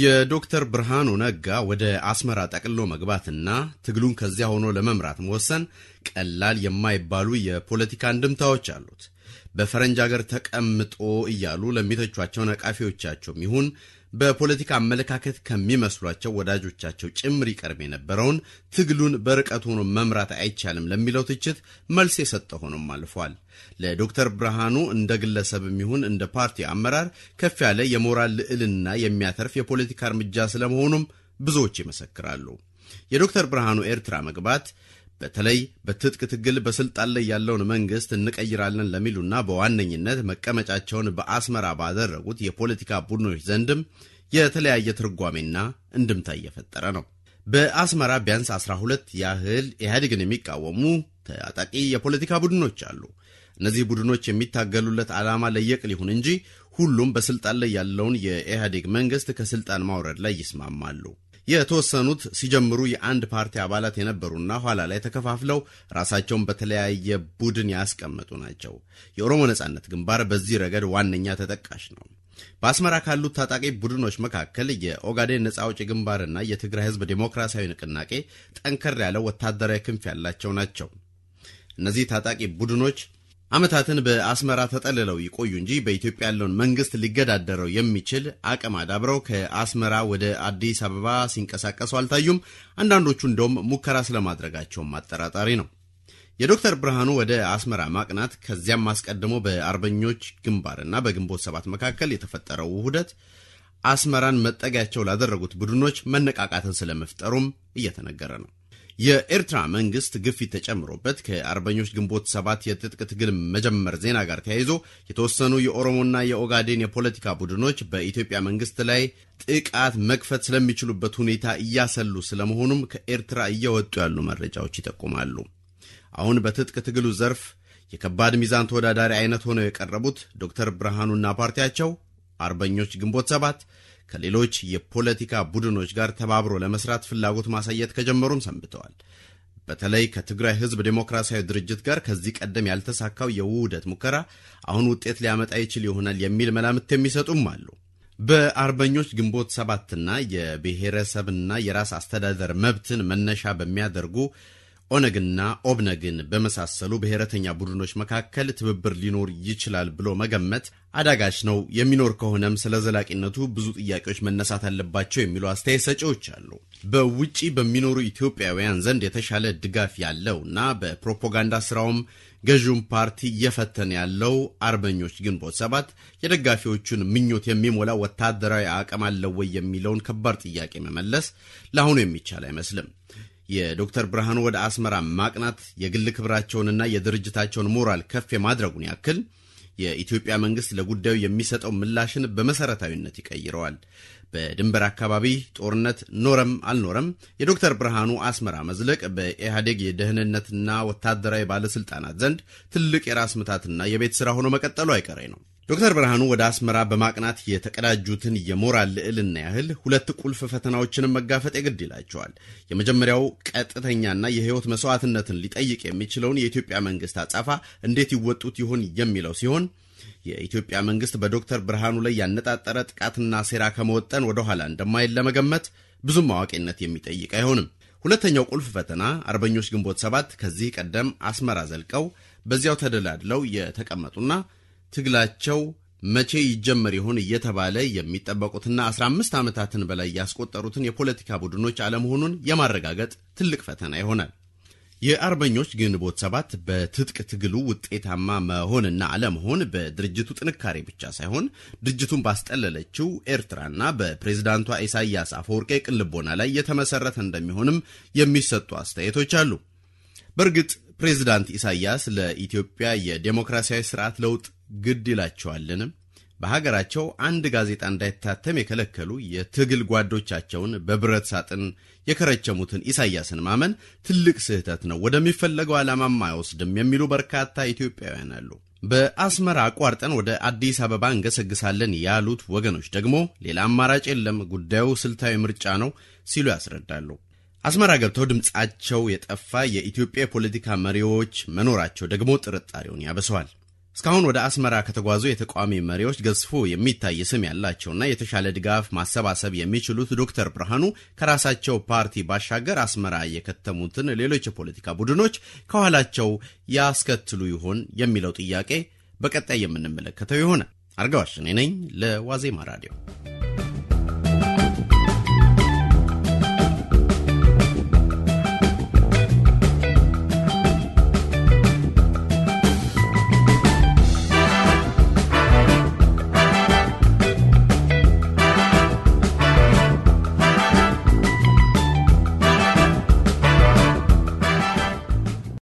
የዶክተር ብርሃኑ ነጋ ወደ አስመራ ጠቅሎ መግባትና ትግሉን ከዚያ ሆኖ ለመምራት መወሰን ቀላል የማይባሉ የፖለቲካ እንድምታዎች አሉት። በፈረንጅ አገር ተቀምጦ እያሉ ለሚተቿቸው ነቃፊዎቻቸውም ይሁን በፖለቲካ አመለካከት ከሚመስሏቸው ወዳጆቻቸው ጭምር ይቀርብ የነበረውን ትግሉን በርቀት ሆኖ መምራት አይቻልም ለሚለው ትችት መልስ የሰጠ ሆኖም አልፏል። ለዶክተር ብርሃኑ እንደ ግለሰብም ይሁን እንደ ፓርቲ አመራር ከፍ ያለ የሞራል ልዕልና የሚያተርፍ የፖለቲካ እርምጃ ስለመሆኑም ብዙዎች ይመሰክራሉ። የዶክተር ብርሃኑ ኤርትራ መግባት በተለይ በትጥቅ ትግል በስልጣን ላይ ያለውን መንግስት እንቀይራለን ለሚሉና በዋነኝነት መቀመጫቸውን በአስመራ ባደረጉት የፖለቲካ ቡድኖች ዘንድም የተለያየ ትርጓሜና እንድምታ እየፈጠረ ነው። በአስመራ ቢያንስ 12 ያህል ኢህአዴግን የሚቃወሙ ታጣቂ የፖለቲካ ቡድኖች አሉ። እነዚህ ቡድኖች የሚታገሉለት ዓላማ ለየቅ ይሁን እንጂ ሁሉም በስልጣን ላይ ያለውን የኢህአዴግ መንግስት ከስልጣን ማውረድ ላይ ይስማማሉ። የተወሰኑት ሲጀምሩ የአንድ ፓርቲ አባላት የነበሩና ኋላ ላይ ተከፋፍለው ራሳቸውን በተለያየ ቡድን ያስቀመጡ ናቸው። የኦሮሞ ነጻነት ግንባር በዚህ ረገድ ዋነኛ ተጠቃሽ ነው። በአስመራ ካሉት ታጣቂ ቡድኖች መካከል የኦጋዴን ነጻ አውጪ ግንባርና የትግራይ ህዝብ ዴሞክራሲያዊ ንቅናቄ ጠንከር ያለው ወታደራዊ ክንፍ ያላቸው ናቸው። እነዚህ ታጣቂ ቡድኖች ዓመታትን በአስመራ ተጠልለው ይቆዩ እንጂ በኢትዮጵያ ያለውን መንግስት ሊገዳደረው የሚችል አቅም አዳብረው ከአስመራ ወደ አዲስ አበባ ሲንቀሳቀሱ አልታዩም። አንዳንዶቹ እንደውም ሙከራ ስለማድረጋቸውም አጠራጣሪ ነው። የዶክተር ብርሃኑ ወደ አስመራ ማቅናት ከዚያም አስቀድሞ በአርበኞች ግንባርና በግንቦት ሰባት መካከል የተፈጠረው ውህደት አስመራን መጠጊያቸው ላደረጉት ቡድኖች መነቃቃትን ስለመፍጠሩም እየተነገረ ነው። የኤርትራ መንግስት ግፊት ተጨምሮበት ከአርበኞች ግንቦት ሰባት የትጥቅ ትግል መጀመር ዜና ጋር ተያይዞ የተወሰኑ የኦሮሞና የኦጋዴን የፖለቲካ ቡድኖች በኢትዮጵያ መንግስት ላይ ጥቃት መክፈት ስለሚችሉበት ሁኔታ እያሰሉ ስለመሆኑም ከኤርትራ እየወጡ ያሉ መረጃዎች ይጠቁማሉ። አሁን በትጥቅ ትግሉ ዘርፍ የከባድ ሚዛን ተወዳዳሪ አይነት ሆነው የቀረቡት ዶክተር ብርሃኑና ፓርቲያቸው አርበኞች ግንቦት ሰባት ከሌሎች የፖለቲካ ቡድኖች ጋር ተባብሮ ለመስራት ፍላጎት ማሳየት ከጀመሩም ሰንብተዋል። በተለይ ከትግራይ ህዝብ ዴሞክራሲያዊ ድርጅት ጋር ከዚህ ቀደም ያልተሳካው የውህደት ሙከራ አሁን ውጤት ሊያመጣ ይችል ይሆናል የሚል መላምት የሚሰጡም አሉ። በአርበኞች ግንቦት ሰባትና የብሔረሰብና የራስ አስተዳደር መብትን መነሻ በሚያደርጉ ኦነግና ኦብነግን በመሳሰሉ ብሔረተኛ ቡድኖች መካከል ትብብር ሊኖር ይችላል ብሎ መገመት አዳጋች ነው። የሚኖር ከሆነም ስለ ዘላቂነቱ ብዙ ጥያቄዎች መነሳት አለባቸው የሚሉ አስተያየት ሰጪዎች አሉ። በውጪ በሚኖሩ ኢትዮጵያውያን ዘንድ የተሻለ ድጋፍ ያለው እና በፕሮፓጋንዳ ስራውም ገዥውን ፓርቲ እየፈተነ ያለው አርበኞች ግንቦት ሰባት የደጋፊዎቹን ምኞት የሚሞላ ወታደራዊ አቅም አለው ወይ የሚለውን ከባድ ጥያቄ መመለስ ለአሁኑ የሚቻል አይመስልም። የዶክተር ብርሃኑ ወደ አስመራ ማቅናት የግል ክብራቸውንና የድርጅታቸውን ሞራል ከፍ የማድረጉን ያክል የኢትዮጵያ መንግስት ለጉዳዩ የሚሰጠው ምላሽን በመሰረታዊነት ይቀይረዋል። በድንበር አካባቢ ጦርነት ኖረም አልኖረም የዶክተር ብርሃኑ አስመራ መዝለቅ በኢህአዴግ የደህንነትና ወታደራዊ ባለስልጣናት ዘንድ ትልቅ የራስ ምታትና የቤት ስራ ሆኖ መቀጠሉ አይቀሬ ነው። ዶክተር ብርሃኑ ወደ አስመራ በማቅናት የተቀዳጁትን የሞራል ልዕልና ያህል ሁለት ቁልፍ ፈተናዎችንም መጋፈጥ የግድ ይላቸዋል። የመጀመሪያው ቀጥተኛና የህይወት መስዋዕትነትን ሊጠይቅ የሚችለውን የኢትዮጵያ መንግስት አጻፋ እንዴት ይወጡት ይሆን የሚለው ሲሆን የኢትዮጵያ መንግስት በዶክተር ብርሃኑ ላይ ያነጣጠረ ጥቃትና ሴራ ከመወጠን ወደ ኋላ እንደማይል ለመገመት ብዙም አዋቂነት የሚጠይቅ አይሆንም። ሁለተኛው ቁልፍ ፈተና አርበኞች ግንቦት ሰባት ከዚህ ቀደም አስመራ ዘልቀው በዚያው ተደላድለው የተቀመጡና ትግላቸው መቼ ይጀመር ይሆን እየተባለ የሚጠበቁትና 15 ዓመታትን በላይ ያስቆጠሩትን የፖለቲካ ቡድኖች አለመሆኑን የማረጋገጥ ትልቅ ፈተና ይሆናል። የአርበኞች ግንቦት ሰባት በትጥቅ ትግሉ ውጤታማ መሆንና አለመሆን በድርጅቱ ጥንካሬ ብቻ ሳይሆን ድርጅቱን ባስጠለለችው ኤርትራና በፕሬዝዳንቷ ኢሳያስ አፈወርቄ ቅልቦና ላይ የተመሰረተ እንደሚሆንም የሚሰጡ አስተያየቶች አሉ። በእርግጥ ፕሬዝዳንት ኢሳያስ ለኢትዮጵያ የዴሞክራሲያዊ ስርዓት ለውጥ ግድ ይላቸዋልን? በሀገራቸው አንድ ጋዜጣ እንዳይታተም የከለከሉ የትግል ጓዶቻቸውን በብረት ሳጥን የከረቸሙትን ኢሳያስን ማመን ትልቅ ስህተት ነው፣ ወደሚፈለገው ዓላማም አይወስድም የሚሉ በርካታ ኢትዮጵያውያን አሉ። በአስመራ አቋርጠን ወደ አዲስ አበባ እንገሰግሳለን ያሉት ወገኖች ደግሞ ሌላ አማራጭ የለም፣ ጉዳዩ ስልታዊ ምርጫ ነው ሲሉ ያስረዳሉ። አስመራ ገብተው ድምፃቸው የጠፋ የኢትዮጵያ የፖለቲካ መሪዎች መኖራቸው ደግሞ ጥርጣሬውን ያበሰዋል። እስካሁን ወደ አስመራ ከተጓዙ የተቃዋሚ መሪዎች ገዝፎ የሚታይ ስም ያላቸውና የተሻለ ድጋፍ ማሰባሰብ የሚችሉት ዶክተር ብርሃኑ ከራሳቸው ፓርቲ ባሻገር አስመራ የከተሙትን ሌሎች የፖለቲካ ቡድኖች ከኋላቸው ያስከትሉ ይሆን የሚለው ጥያቄ በቀጣይ የምንመለከተው ይሆናል። አርጋዋሽኔ ነኝ ለዋዜማ ራዲዮ።